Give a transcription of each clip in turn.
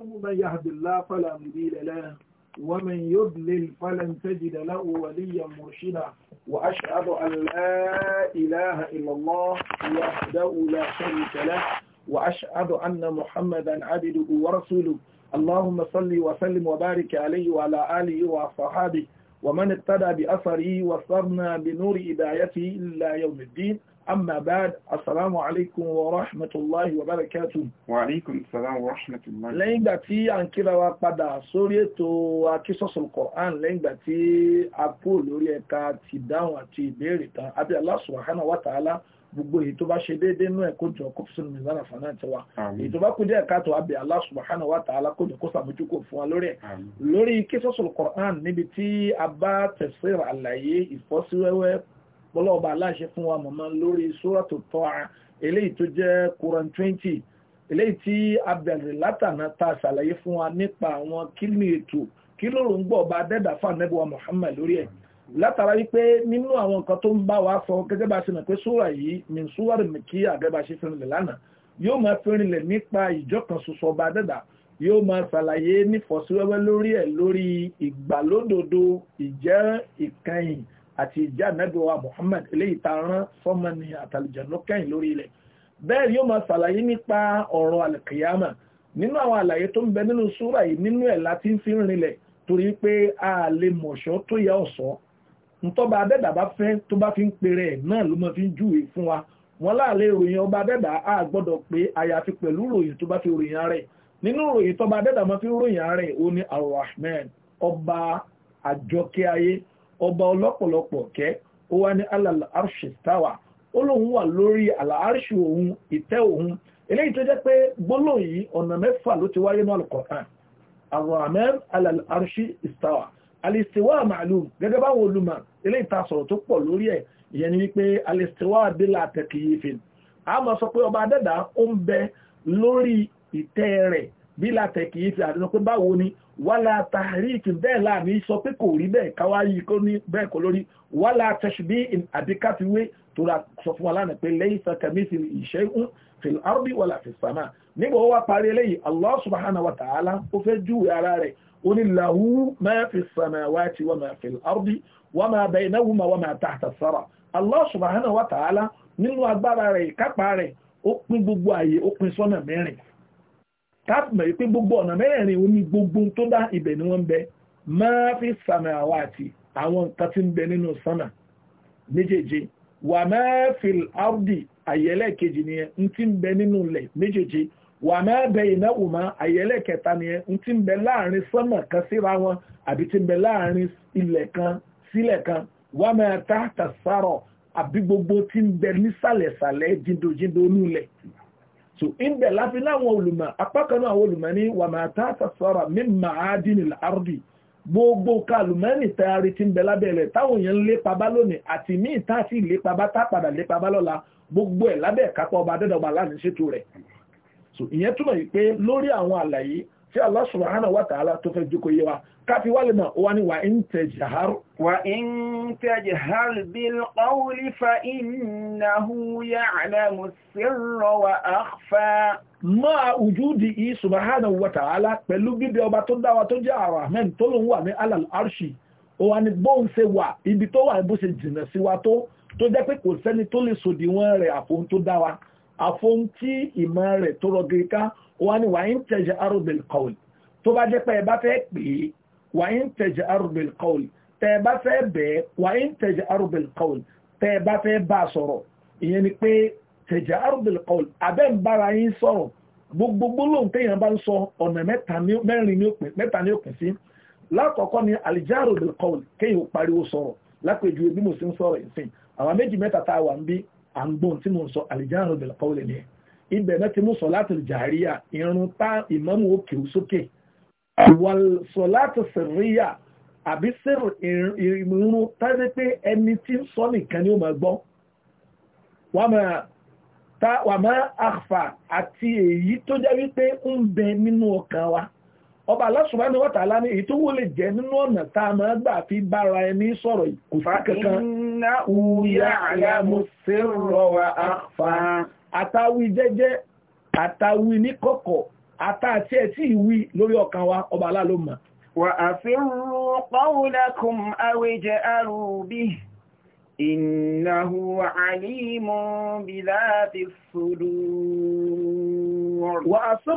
ومن يهد الله فلا مضل له ومن يضلل فلن تجد له وليا مرشدا وأشهد أن لا إله إلا الله وحده لا شريك له وأشهد أن محمدا عبده ورسوله اللهم صل وسلم وبارك عليه وعلى آله وصحابه ومن اتبع بأثره واصطرنا بنور هدايته إلى يوم الدين أما بعد السلام عليكم ورحمة الله وبركاته وعليكم السلام ورحمة الله lẹ́yìn ìgbà tí a ń kíra wa padà sórí ètò أقول Qur'an lẹ́yìn ìgbà tí a kú lórí ẹ̀ka ti dáhùn àti ìbéèrè tán àbí Allah subhanahu wa ta'ala gbogbo èyí tó bá ṣe déédé inú ẹ̀ kójọ kó fi sínú mìíràn àfààní àti wa èyí tó bá kú díẹ̀ káàtó àbí Allah subhanahu wa ta'ala kójọ kó sàmójúkò fún wa lórí ẹ̀ lórí kísọ́sọ̀ Qur'an níbi tí a bá tafsir àlàyé ìfọ́síwẹ́wẹ́ pọ́lọ́ọ̀bà aláṣẹ fún wa mọ̀mọ́ lórí sóràtò tọ́ra eléyìí tó jẹ́ Quran 20 eléyìí tí a bẹ̀rẹ̀ látànà ta ṣàlàyé fún wa nípa àwọn kílì ètò kí ló ń gbọ́ ọba dẹ́dà fún anábíwá Muhammad lórí ẹ̀ látara wípé nínú àwọn nǹkan tó ń bá wa sọ gẹ́gẹ́ bá ṣe mọ̀ pé sóra yìí min súwárì mi kí àgẹ́bà ṣe fìrìnlẹ̀ lánàá yóò máa fìrìnlẹ̀ nípa ìjọkan ọba dẹ́dà yóò máa ṣàlàyé nífọ̀síwẹ́wẹ́ lórí ẹ̀ lórí ìgbàlódodo ìjẹ́ ìkẹyìn àti ìjà nẹ́bí wa Muhammad eléyìí ta rán fọ́mọ́ni àtàlùjẹ̀nú kẹ́yìn lórí ilẹ̀ bẹ́ẹ̀ yóò máa sàlàyé nípa ọ̀rọ̀ alìkìyàmà nínú àwọn àlàyé tó ń bẹ nínú súrà yìí nínú ẹ̀ láti ń fi rinlẹ̀ torí pé a lè mọ̀ṣọ́ tó yẹ ọ̀ṣọ́ ntọ́ba fi ń náà ló fi ń fún wa wọn láàlẹ́ ìròyìn ọba á gbọ́dọ̀ pé àyàfi pẹ̀lú tó bá fi ròyìn rẹ̀ nínú tọ́ba máa fi ròyìn rẹ̀ ó ní ọba àjọkẹ́ ayé ọba ọlọ́pọ̀lọpọ̀ kẹ́ ó wá ní alàlà arṣì táwà ó lóun wà lórí àlàárṣì òun ìtẹ́ òun eléyìí tó jẹ́ pé gbólóhùn yìí ọ̀nà mẹ́fà ló ti wáyé náà kọ̀ọ̀kan arrahman alàlà arṣì ma'lum gẹ́gẹ́ báwọn olùmọ̀ eléyìí ta sọ̀rọ̀ tó pọ̀ lórí ẹ̀ ìyẹn ni wípé alistiwa bila takyifin a máa ìtẹ́ rẹ̀ bí látẹ̀kì ìfẹ́ àti sọ pé báwo ni wàlá tàríkì bẹ́ẹ̀ láàmì sọ pé kò rí bẹ́ẹ̀ káwáyí kó ní bẹ́ẹ̀ kò lórí wàlá tẹ̀ṣù bí àbíkáfiwé tó ra sọ fún wa lánàá pé lẹ́yìn sàkàmísì ìṣẹ́ ń fi arúbí wàlá fi sàmà nígbà ó wá parí eléyìí Allah subhanahu wa ta'ala ó fẹ́ júwe ara rẹ̀ ó ní lahu máa fi samawati wa máa fi káàpù mọ̀ pé gbogbo ọ̀nà mẹ́rẹ̀ẹ̀rin omi gbogbo tó dá ibẹ̀ ni wọ́n ń bẹ máa fi sàmì àwọ̀ àti àwọn nǹkan tí ń bẹ nínú sánà méjèèje wà máa fi áùdì àyẹ́lẹ̀ kejì nìyẹn ń tí ń bẹ nínú ilẹ̀ méjèèje wà máa bẹ ìnáwó mọ́ àyẹ́lẹ̀ kẹta ń tí ń bẹ láàrin sánà kan síra wọn àbí tí ń bẹ láàrin ilẹ̀ kan sílẹ̀ kan wà máa tá àtàsárọ̀ àbí gbogbo tí ń bẹ nísàlẹ̀sàlẹ̀ jíndojíndo nínú so ibẹ̀ láfi láwọn olùmọ̀ apákanú àwọn olùmọ̀ ní wà máa tá àtàsọ́rọ̀ mímọ̀ àádínil ardi gbogbo kalùmọ́nì tẹ́ẹ̀rí ti ń bẹ lábẹ́rẹ̀ táwọn èèyàn lépa bá lónìí àti mí ìta sí lépa bá tá padà lépa bá lọ́la gbogbo ẹ̀ e lábẹ́ ìkápá ọba adẹ́dọ̀gba láti ṣètò rẹ̀ so ìyẹn túmọ̀ yìí pé lórí tí Allah subhanahu wa ta'ala tó fẹ́ jíkò yíwa káfí wà lè mọ̀ wà ní wà ń tajhar wà ń tajhar bil qawli fa innahu ya'lamu sirra wa akhfa máa wùjúdì yìí subhanahu wa ta'ala pẹ̀lú gbígbé ọba tó dáwà tó jẹ́ Ar-Rahman tó lóun wà ní alal arshi ó wà ní bóun ṣe wà ibi tó wà bó ṣe jìnà sí wa tó tó jẹ́ pé kò sẹ́ni tó lè sòdì rẹ̀ àfohun tó dáwà àfohun tí ìmọ̀ rẹ̀ tó rọgìrì ká wọ́n ni wàyín tẹ̀jẹ̀ arúgbìn kọ́ọ̀l tó bá jẹ́ pé ẹ bá fẹ́ pè é wàyín tẹ̀jẹ̀ arúgbìn kọ́ọ̀l tẹ́ ẹ bá fẹ́ bẹ̀ẹ́ wàyín tẹ̀jẹ̀ arúgbìn kọ́ọ̀l tẹ́ ẹ bá fẹ́ bá a sọ̀rọ̀ ìyẹn ni pé tẹ̀jẹ̀ arúgbìn kọ́ọ̀l abẹ́ ń bára yín sọ̀rọ̀ gbogbo gbólóhùn téèyàn bá ń sọ ọ̀nà mẹ́rin ní òpin mẹ́ta ní òpin sí ibẹ̀ náà ti mú sọ̀láàtì jàríyà irun tá ìmámù òkè sókè wal sọ̀láàtì sirriya àbí sẹ́rù ìrìnrún tàbí pé ẹni tí ń sọ nìkan ni ó máa gbọ́ wà máa àfà àti èyí tó jẹ́ wípé ń bẹ nínú ọkàn wa ọba Allah subhanahu wa ta'ala ní èyí tó wó lè jẹ́ nínú ọ̀nà tá a máa gbà fi bára ẹni sọ̀rọ̀ kò fà kankan. innahu ya'lamu sirra wa akhfa àtàwí jẹ́jẹ́ àtàwí ní kọ̀kọ̀ àtàtí ẹ̀ tí ìwí lórí ọkàn wa ọba aláàló mọ̀. wà á fi rú qawlakum aw ij'aru bih innahu alimun bidhati sudur. wà á fi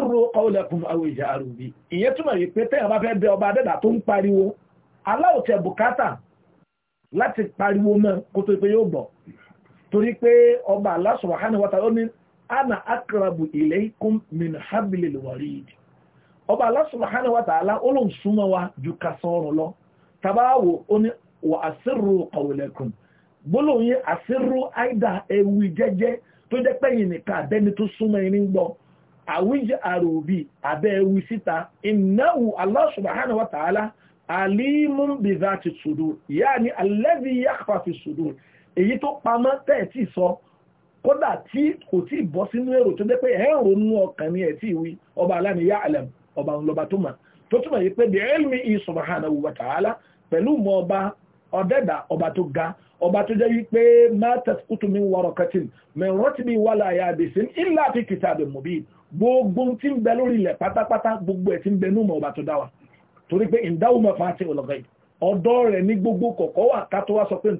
ń pariwo aláwòtẹ̀ bùkátà láti pariwo torí pé ọba Allah subhanahu wa ta'ala ní ana akrabu ilaykum min hablil warid ọba Allah subhanahu wa ta'ala olóhùn súnmọ́ wa ju ká sọ́rọ̀ lọ tabawo ó ní wà asirru qawlakum gbólóhùn yẹn asirru aida ewu jẹ́jẹ́ tó jẹ́ pẹ́yìn nìkan àbẹ́ni tó súnmọ́ ẹni gbọ́ àwíjẹ́ àròbí abẹ́ ewu síta innahu Allah subhanahu wa ta'ala alimun bi dhati sudur yaani alladhi yakhfa fi èyí tó pamọ́ tẹ́ẹ̀tì sọ kódà tí kò tí ì bọ́ sínú èrò tó dé pé ẹ̀ ń ronú ọkàn ní ẹ̀tì ìwí ọba aláníyá àlẹ̀m ọba ńlọba tó mà tó túmọ̀ yìí pé bẹ̀rẹ̀ mi ì subhanahu ta'ala pẹ̀lú mọ ọba ọ̀dẹ́dà ọba tó ga ọba tó jẹ́ wípé ma tasqutu min waraqatin gbogbo tí ń bẹ ilẹ̀ pátápátá gbogbo ẹ̀ tí ń bẹ nú torí pé rẹ̀ ní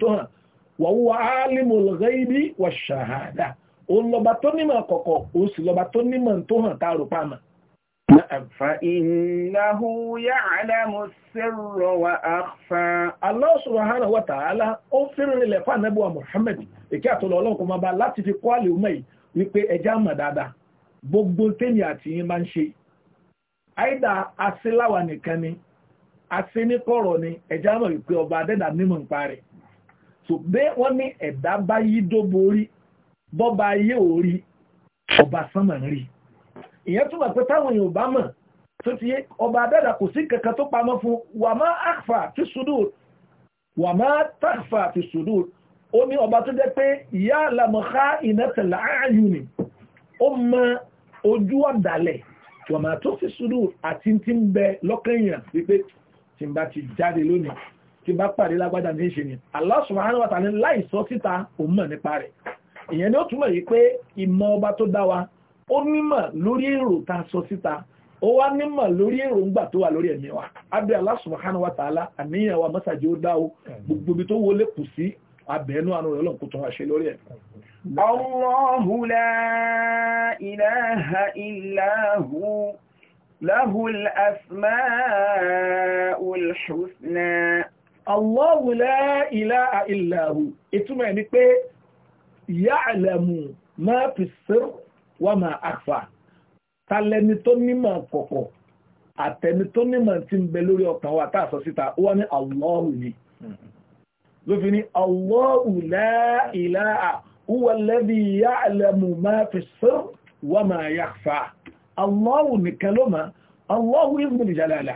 wa huwa alimul ghaibi wash shahada òun lọ́ba tó nímọ̀ kọ̀kọ̀ òun sì lọ́ba tó nímọ̀ tó hàn na a rò pàmò. فإنه يعلم السر وأخفى الله سبحانه وتعالى o fẹ́rẹ̀ lẹ̀ fún ànábì Muhammad ìkẹ́ àtọ́lọ́ ọlọ́run fi kwali àlè ọmọ wípé ẹja gbogbo tẹ́yìn àti yín máa ń ṣe àìdá aṣíláwà nìkan ni ẹja wípé ọba so bẹ́ wọ́n ní ẹ̀dá bá yí dóbo rí bọ́ba ayé ò rí ọba sánmà rí ìyẹn túmọ̀ pé táwọn èèyàn bá mọ̀ tó ti yé ọba adẹ́dà kò sí kankan tó pamọ́ fún wà má àfà fi sudur wà má tàfà fi sudur ó ní ọba tó jẹ́ pé ìyá àlàmọ̀ká ìnẹ́tẹ̀lá ààyù ni ó mọ ojú ọ̀dàlẹ̀ wà má tó fi sudur àti ti ń bẹ lọ́kàn èèyàn wípé tí n bá ti jáde lónìí tí bá pàdé lágbádá ní ṣe ni Allah subhanahu wa ta'ala láì sọ síta òun mọ̀ nípa rẹ̀ ìyẹn ni ó túmọ̀ yìí pé ìmọ̀ ọba tó dá wa ó nímọ̀ lórí èrò ta sọ síta ó wá nímọ̀ lórí èròǹgbà tó wà lórí ẹ̀mí wa abẹ́ Allah subhanahu wa ta'ala Allahu la ilaha illa hu ìtumọ̀ ẹ̀ ni pé ya'lamu ma fi sir wa ma akhfa tàlẹ́ni tó nímọ̀ kọ̀kọ̀ àtẹni tó nímọ̀ tí ń bẹ lórí ọkàn wa táà sọ síta ó wá ní Allahu ni ló fi ní Allahu la ilaha huwa alladhi ya'lamu ma fi sir wa ma yakhfa Allahu nìkan ló Allahu ismul jalala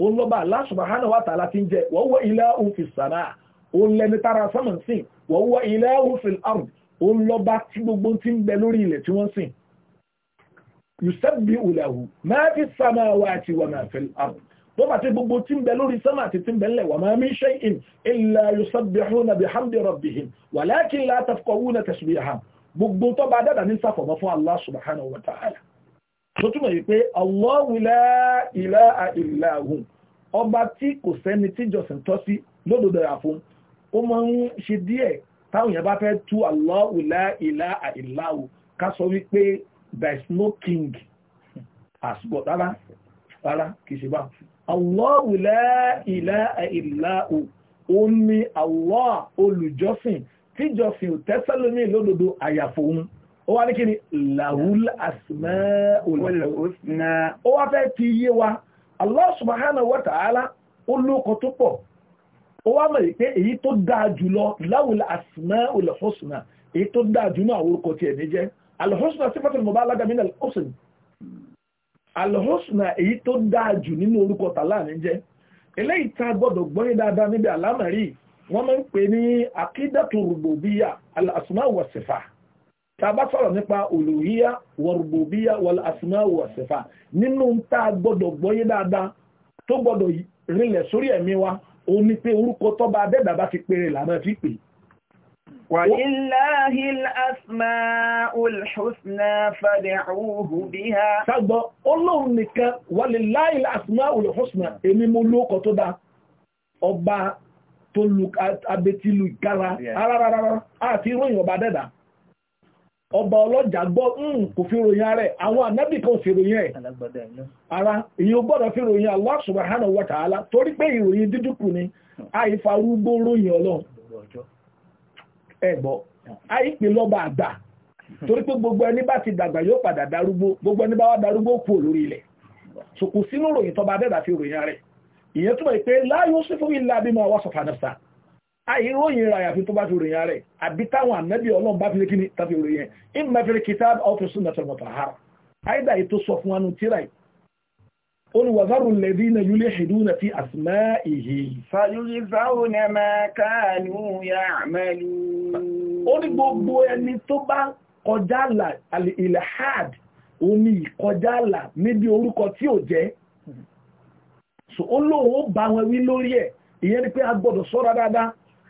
òun lọ́ba Allah subhanahu wa ta'ala ti ń jẹ wa huwa ilahun fi s-sama' òun lẹni tára sánmà sìn wa huwa ilahun fil ard òun lọ́ba tí gbogbo ti ń bẹ lórí ilẹ̀ tí wọ́n sìn yusabbihu lahu ma fi s-samawati wa ma fil ard wọ́n bá ti gbogbo tí ń bẹ lórí sánmà àti tí ń bẹ lẹ̀ wa ma min shay'in illa yusabbihuna bihamdi rabbihim walakin la tafqahuna tasbihahum gbogbo tó bá dáadáa ní sáfọ̀mọ́ tó túnmọ̀ yìí pé Allahu la ilaha illa hu ọba tí kò sẹ́ni tí jọsìn tọ́ sí lódodo àfún ó máa ń ṣe díẹ̀ táwọn èèyàn bá fẹ́ tú Allahu la ilaha illa hu ká sọ wípé there is no king as God rárá rárá kì í ṣe bá Allahu la ilaha illa hu ó ní Allah olùjọ́sìn tíjọsìn ò tẹ́sẹ́lómi lódodo àyàfò òun ó wá ní kí ni lahul asmaul husna ó wá fẹ́ ti yé wa Allah subhanahu wa ta'ala ó lóko tó pọ̀ ó wá mọ̀ pé èyí tó dáa jùlọ lahul asmaul husna èyí tó dáa jùlọ àwọn orúkọ tiẹ̀ ní jẹ́ alhusna sifatul mubalaga min alhusn alhusna èyí tó dáa jù nínú orúkọ tàlá ní jẹ́ eléyìí tá gbọ́dọ̀ gbọ́yé dáadáa níbi àlámọ̀rí wọ́n máa ń ní akídàtù rùbùbíyà al asma tàbá sọ̀rọ̀ nípa olùhíyá wọ̀rùbùbíyá wọ̀lá àsìmáwò ọ̀sẹ̀fà nínú tá a gbọ́dọ̀ gbọ́yé dáadáa tó gbọ́dọ̀ rinlẹ̀ sórí ẹ̀mí wa ó ní pé orúkọ tọ́ba adẹ́dà bá fi pèrè lànà fi pè. wàlíláhi asma ulhusna fad'uhu biha. sagbọ́ olóhùn nìkan wàlíláhi ọba ọlọ́jà gbọ́ hmm, kò fi ròyìn rẹ̀ àwọn ànábì fi ròyìn ẹ̀ ara èyí gbọ́dọ̀ fi ròyìn Allah subhanahu wa torí pé ìròyìn dídùkù ni àìfarúgbó ròyìn ọlọ́run ẹ̀gbọ́ àìpè lọ́ba àgbà torí pé gbogbo ẹni bá ti dàgbà yóò padà gbogbo ìròyìn rẹ̀ àyàfi tó bá fi ròyìn rẹ̀ àbí táwọn ànábì ọlọ́run bá fi lé kíní tàbí ròyìn ẹ̀ ìmọ̀fẹ́rẹ́ kìtàbí ọ̀fẹ́ súnmọ̀ tọ̀rọ̀ tàhárà àìdá yìí tó sọ fún wa nù tíra yìí olùwàzárù lẹ́bí na yúlé ṣìdú na fi àsìmá ìhì fàyúrí záwò ní ẹmà káàlù ya àmàlù ó ní gbogbo ẹni tó bá kọjá àlà ilhad ó ní ìkọjá àlà níbi orúkọ tí ò jẹ́ so ó lóun ó bá wọn wí lórí ẹ̀ ìyẹn ni pé a gbọ́dọ̀ sọ́ra dáadáa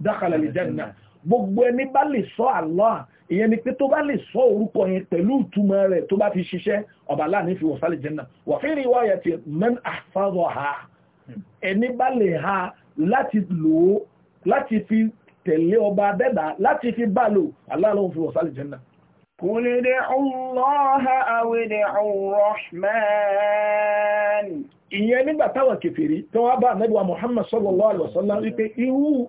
dákàlà lè jẹ́nà gbogbo ẹni bá lè sọ Allah ìyẹn ni pé tó bá lè sọ orúkọ yẹn pẹ̀lú ìtumọ̀ rẹ̀ tó bá fi ṣiṣẹ́ ọba láàní fi wọ̀sá lè jẹ́nà wà fí riwaya ti man àfáàrọ̀ ha ẹni bá lè ha láti lò ó láti fi tẹ̀lé ọba adẹ́dà láti fi bá lò Allah fi wọ̀sá lè jẹ́nà الله أو ادعوا الرحمن ìyẹn nígbà táwọn kèfèrí tó wá bá nẹ́bíwá Muhammad sallallahu alaihi wípé irú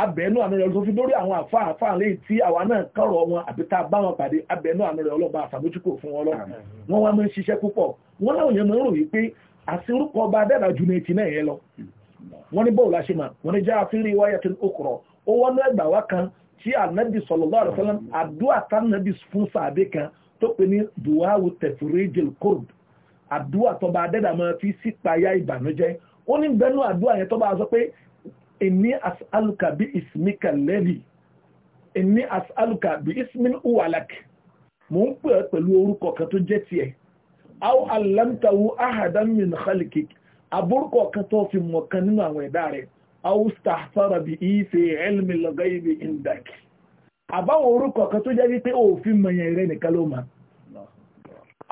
abẹ̀ẹ́nú àmì rẹ̀ lọ́sọ́fí lórí àwọn àfáà àfáà lè tí àwa náà kọ̀rọ̀ wọn àbíta bá wọn pàdé abẹ̀ẹ́nú àmì rẹ̀ ọlọ́ba àfàbójúkò fún wọn lọ wọn wá máa ń ṣiṣẹ́ púpọ̀ wọn láwọn yẹn máa ń rò wípé àsìrúkọ ọba adára ju ní etí náà yẹn lọ wọn ní bọ́ọ̀lù àṣemà wọn ní já àfírí wáyà tí kọ̀rọ̀ ó wọ́n náà wá kan kurd àdúrà tọba adẹ́dàmọ́ fi sípayá ìbànújẹ́ ó ní bẹ́nu àdúrà yẹn tọba sọ inni as'aluka bí ismika lẹ́bi inni as'aluka bí ismin uwalak mo ń pè ẹ́ pẹ̀lú orúkọ kan tó jẹ́ tiẹ̀ aw alamtawu ahadan min khalikik aburúkọ kan tó fi mọ̀ kan nínú àwọn ẹ̀dá rẹ̀ aw stahsara bí ife ilmi lagaibi indaki àbáwọn orúkọ kan tó jẹ́ wípé òfin mọ̀yàn rẹ̀ nìkan ló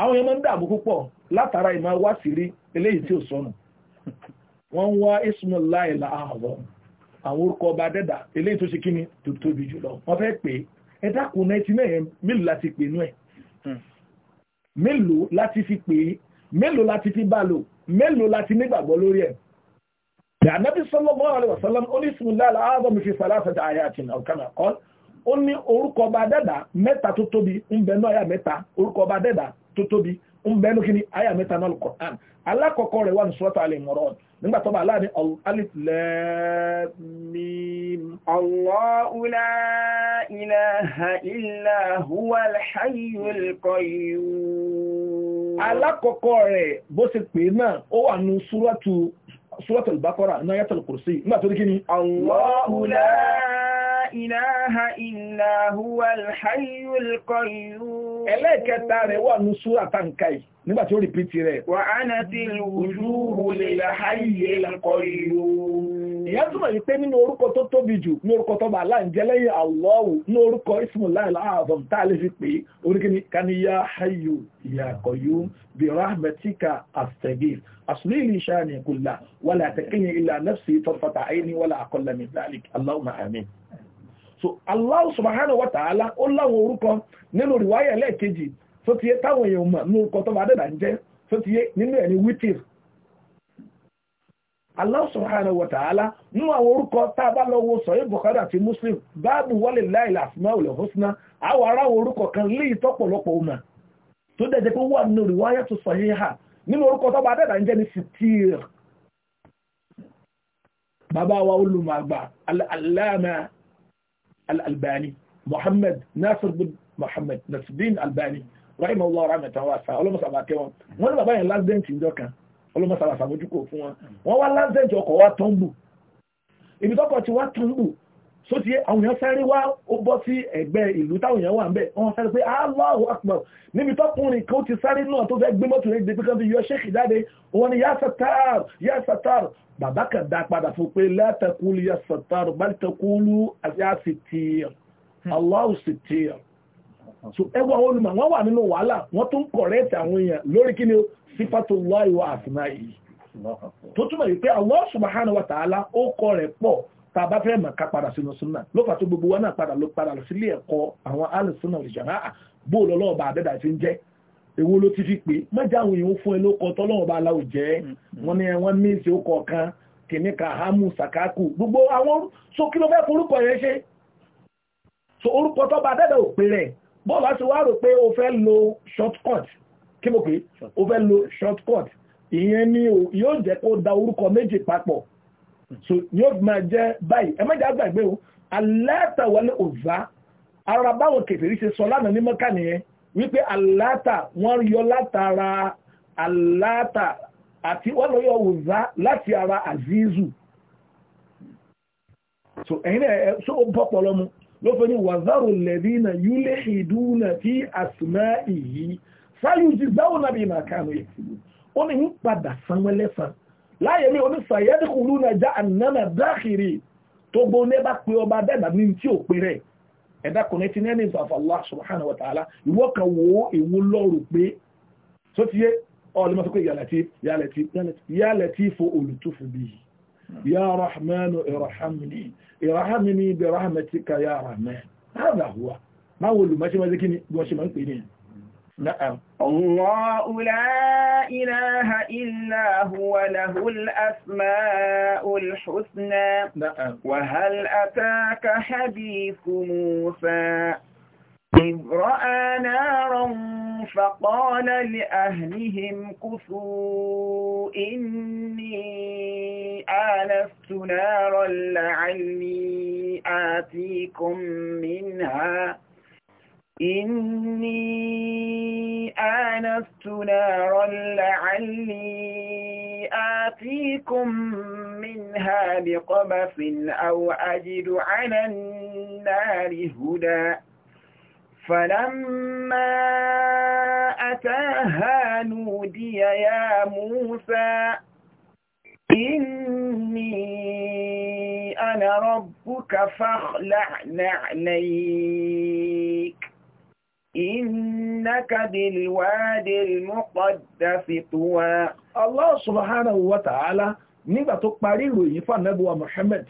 àwọn yẹn ń dààmú púpọ̀ látara ìmọ̀ wá sí rí eléyìí tí ò sọnù wọ́n ń wá ismullah ìlà àwọ̀ àwọn orúkọ ọba dẹ́dà eléyìí tó ṣe kí ni tó tóbi jùlọ wọ́n fẹ́ pé ẹ dákun náìtì mẹ́rin mélòó láti pè nú ẹ̀ hmm. mélòó láti fi pè é mélòó láti fi bá lò mélòó láti nígbàgbọ́ lórí ẹ̀ Ànábì ń bẹ́nu kí ni àyà mẹ́ta náà Al-Qur'an alákọ̀ọ́kọ́ rẹ̀ wà ní Suratu Al-Imran nígbà tó bá aláàní alif lam mim. Allahu alákọ̀ọ́kọ́ rẹ̀ bó ṣe pè náà ó wà ní Suratu suratul Baqara náà ayatul Kursi nígbà tó díkí ni Allahu la ilaha illa huwal hayyul qayyum nígbà tí ó rìpítì rẹ̀. wà á nà tí ojú olè láàyè lákọ̀ ìlú. ìyá túmọ̀ yìí pé nínú orúkọ tó tóbi jù ní orúkọ tó bá láì jẹ́ lẹ́yìn Allahu ní lè fi hayyu ya qayyum bi rahmatika astaghif asli li shani kulla wala taqini illa nafsi tarfata aini wala aqalla min dhalik allahumma amin so allah subhanahu wa ta'ala ó láwọn orúkọ nínú riwaya lẹ́ẹ̀kejì tó ti yé táwọn èèyàn mọ̀ ní ọkọ̀ tó bá dẹ̀dà ń jẹ́ tó ti yé nínú ẹ̀ ní wítìr Allah subhanahu wa ta'ala nínú àwọn orúkọ tá a bá lọ wo sọ̀yìn Bukhari àti Muslim báàbù wọlé láìl asmaul husna àwọn ará orúkọ kan léyìí tọ́pọ̀lọpọ̀ ọmọ tó dẹ̀jẹ̀ pé wà nínú riwaya tó sahiha nínú orúkọ tó bá dẹ̀dà ń jẹ́ ní sitir bàbá wa olùmọ̀ àgbà al albani Muhammad Nasir bin Muhammad Nasruddin Albani rahim allah rahmatan wasa ọlọ́mọsàbà tẹ wọn wọn ní bàbá yẹn lásìdẹ́ǹtì ìjọ kan ọlọ́mọsàbà sàmójúkò fún wọn wọn wá lásìdẹ́ǹtì ọkọ̀ wa tọ́ǹbù ibi tọ́kọ̀ ti wá tọ́ǹbù só ti àwọn èèyàn sáré wá ó bọ́ sí ẹ̀gbẹ́ ìlú táwọn èèyàn wà ń bẹ̀ wọn sáré pé Allahu akbar níbi tọ́kùnrin kan ti sáré náà tó fẹ́ gbé mọ́tò rẹ̀ débi kan fi yọ ṣéèkì jáde wọn ni yá satar yá satar bàbá kan dá padà fún pé la taqulu yá satar bal taqulu yá sitir hmm. Allahu so ẹwà olùmọ̀ wọ́n wà nínú wàhálà wọ́n tún kọ̀rẹ́ẹ̀tì àwọn èèyàn lórí kí ni ó sífàtòláì wa àsìmáì tó túnmọ̀ wípé Allah subhanahu wa ta'ala ó kọ rẹ̀ pọ̀ tá a bá fẹ́ màkà padà sínú súnà ló fà tó gbogbo wọn náà padà ló padà lọ sílé ẹ̀kọ́ àwọn alùsùnà ìjàmáà bóòlù ọlọ́ọ̀bà àdẹ́dà ti ń jẹ́ èwo ló ti fi pé mọ́jà àwọn èèyàn fún ẹ ló kọ tọ́lọ́ọ̀bà aláwọ̀ jẹ́ mm-hmm. wọ́n ní wọ́n ní ìṣe ó kọ̀ọ̀kan kìíní ka hamu sakaku gbogbo àwọn so kí ló fẹ́ forúkọ yẹn ṣe so orúkọ tó bá dẹ́dà ò rẹ̀ bọ́ọ̀lù á ti wá rò pé o fẹ́ lo shortcut kí mo pè o fẹ́ lo shortcut ìyẹn ni yóò jẹ́ kó da orúkọ méjì papọ̀ hmm. so yóò máa jẹ́ báyìí ẹ mẹ́jọ àgbàgbé o aláàtà wọlé òzá ara báwọn kèfèrí ṣe sọ lánàá ní mọ́kà nìyẹn wípé aláàtà wọ́n yọ látara aláàtà àti wọ́n lọ yọ òzá láti ara àzízù so ẹ̀yin náà so ó bọ́ pọ̀ lọ́mú ló fẹ́ ní wàzárò lẹ́bí na yúlé ìdúnà tí àsìmá ìyí sáyújì gbáwò náà bí màá kánú ìfìlú ó ní ń padà sanwó lẹ́sàn láyé mi oní sàyẹ́dìkùlù náà já ànánà dákìrì tó gbó ní bá pé ọba dẹ́gbà ní tí ò pé rẹ̀ ẹ̀dá kò ní ti ní ẹ̀nìyàn of Allah subhanahu wa ta'ala ارحمني برحمتك يا رحمن هذا هو ما هو اللي ماشي ما ماشي ما شي نعم الله لا إله إلا هو له الأسماء الحسنى نعم وهل أتاك حديث موسى قال لأهلهم كثوا إني آلفت نارا لعلي آتيكم منها إني آنست نارا لعلي آتيكم منها بقبس أو أجد على النار هدى فلما أتاها نودي يا موسى إني أنا ربك فاخلع نعليك إنك بالواد المقدس طوى الله سبحانه وتعالى نبا tó parí ìròyìn محمد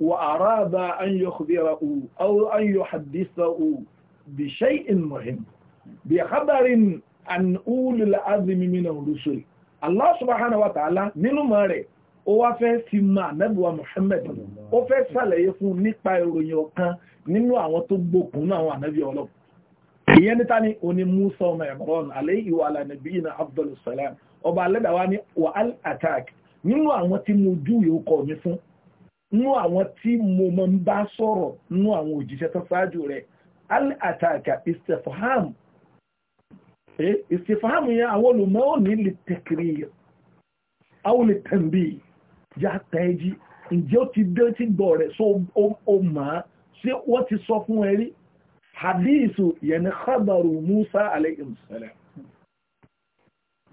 وأراد أن يخبره أو أن يحدثه بشيء مهم بخبر عن أول العزم من الرسل الله سبحانه وتعالى ta'ala nínú mọ̀ rẹ̀ ó wá fẹ́ fi ma nẹ́bùwa Muhammad ó fẹ́ sàlẹ̀yé fún nípa ìròyìn ọ̀kan nínú àwọn tó gbókun náà àwọn ànábì ọlọ́ ìyẹn níta ni o ni Musa ọmọ Imran alayhi wa ala nabiyina Abdul ọba alẹ́dàwá ni wa'al attack nínú àwọn tí mo jú ìhókọ̀ mi fún al-ataka istifham eh, istifham yẹn àwọn olùmọ̀ ò ní lè takrir àwọn lè tẹ̀m̀bì já tẹ́jí ǹjẹ́ ó ti dé tí gbọ́ rẹ̀ so ó máa ṣé wọ́n ti sọ fún ẹrí hadithu yẹn ni khabaru musa alayhim salam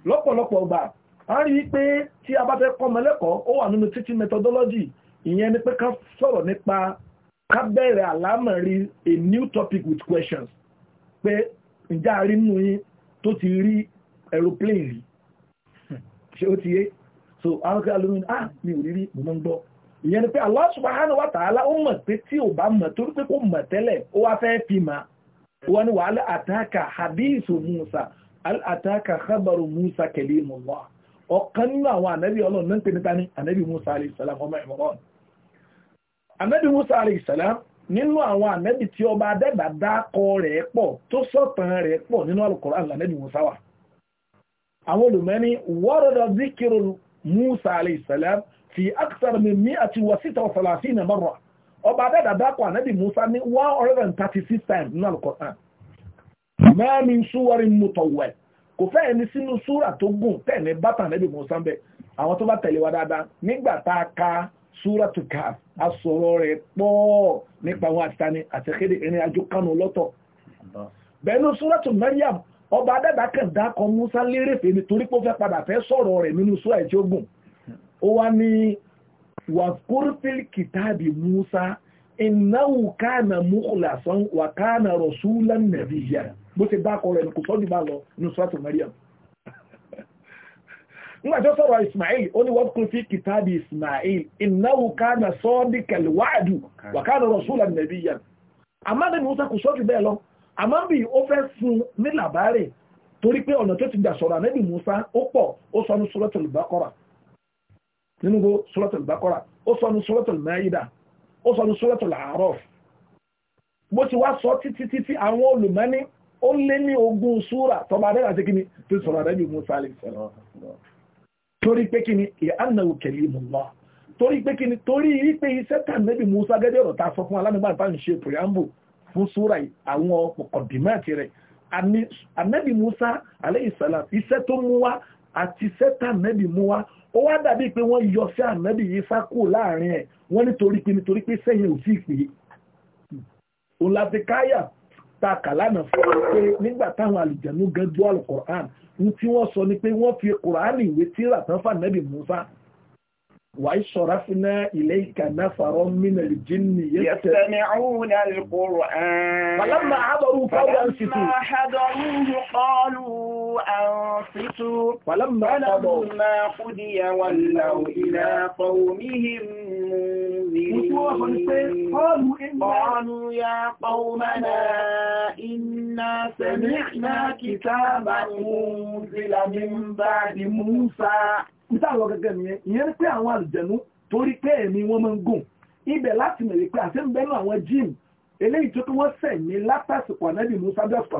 lọ́pọ̀lọpọ̀ gbà a rí i pé tí a bá fẹ́ kọ́ ọmọ ó wà nínú teaching methodology ìyẹn ni pé ká sọ̀rọ̀ nípa ká bẹ̀rẹ̀ àlámọ̀rí a new topic with questions pé ǹjẹ́ a rí nínú yín tó ti rí aeroplane rí ṣé ó ti yé so àwọn kí alóyún ah mi ò rírí mo máa ń gbọ́ ìyẹn ni pé Allah subhanahu wa ta'ala ó mọ̀ pé tí ò bá mọ̀ torí pé kò mọ̀ tẹ́lẹ̀ ó wá fẹ́ fi mà wọ́n ni wàhálà àtàkà hadithu Musa àtàkà khabaru Musa kalimullah ọ̀kan nínú àwọn ànábì ọlọ́run náà ń pè níta ní ànábì Musa alayhi salam ọmọ Imran ànábì Musa alayhi salam nínú àwọn ànábì tí ọba adẹ́gbà dákọ rẹ̀ pọ̀ tó sọ̀tàn rẹ̀ pọ̀ nínú Al-Qur'an ànábì Musa wà àwọn olùmẹ́ni warada zikiru Musa alayhi salam fi akthar min mi'ati wa sita wa thalathina marra ọba adẹ́gbà dákọ ànábì Musa ní 136 times nínú Al-Qur'an ma min súrátù káf asọ̀rọ̀ rẹ̀ pọ̀ nípa àwọn àtìtani àtẹ̀kéde ìrìn àjò kánú lọ́tọ̀ bẹ̀ẹ́nu súrátù Maryam ọba adẹ́dàkàn dákọ Musa lérèfé nítorí pé ó fẹ́ padà fẹ́ sọ̀rọ̀ rẹ̀ nínú súrà ìjọgùn ó wá ní wàkúrúfìl kìtàbí Musa ìnáwó kánà mukhlasan wà kánà rasulan nabiyya bó ti dákọ rẹ̀ kò sọ́jú bá Maryam nígbà tó sọ̀rọ̀ Ismail ó ní wọ́n kún sí kìtàbí Ismail innahu kana sadiqal wa'd wa kana rasulan nabiyyan àmọ́dé ni ó sẹ́kù sọ́jú bẹ́ẹ̀ lọ àmọ́ bí ó fẹ́ fún ní làbárè torí pé ọ̀nà tó ti gbà sọ̀rọ̀ ànábì Musa ó pọ̀ ó sọ ní Suratul Baqara nínú bó Suratul Baqara ó sọ ní Suratul Maida ó sọ ní lé ní ogún súrà tọba adẹ́rà kí ni tó sọ̀rọ̀ ànábì Musa alayhi salam torí pé kí ni ìyànnáwó kẹlẹ̀ ìmọ̀lá torí pé kí ni torí pé iṣẹ́ tà nẹ́bí musa gẹ́gẹ́ ọ̀rọ̀ ta sọ fún alámìbá ìbá ń ṣe pòyàmbò fún súra àwọn ọ̀pọ̀kọ̀dìmẹ́ẹ̀tì rẹ̀ anẹ́bí musa aleyhisselam iṣẹ́ tó mú wá àti iṣẹ́ tà nẹ́bí mú wá ó wá dàbí pé wọ́n yọ sí ànẹ́bí yìí sákò láàrin ẹ̀ wọ́n nítorí pé nítorí pé sẹ́yìn ò sí ìpè òun ta kàlánà fún pé nígbà táwọn àlùjẹ̀nú gẹ́gbọ́ ní tí wọ́n sọ ni pé wọ́n fi kùránì ìwé tíra tán fà nẹ́bì Musa وإشرفنا إليك نفرا من الجن يستمعون القرآن فلما حضروا قالوا أنصتوا فلما حضروه قالوا أنصتوا فلما, فلما خذي ولوا إلى قومهم منذرين قالوا يا قومنا إنا سمعنا كتابا أنزل من بعد موسى níta lọ gẹ́gẹ́ nìyẹn ìyẹn pé àwọn àlùjẹ̀nú torí pé ẹ̀mí wọn máa ń gùn ibẹ̀ láti mẹ̀rẹ̀ pé àti ń bẹ́nu àwọn jíìmù eléyìí tó tó wọ́n sẹ̀ ní látàsìkò ànábì musa bí ọ̀sùn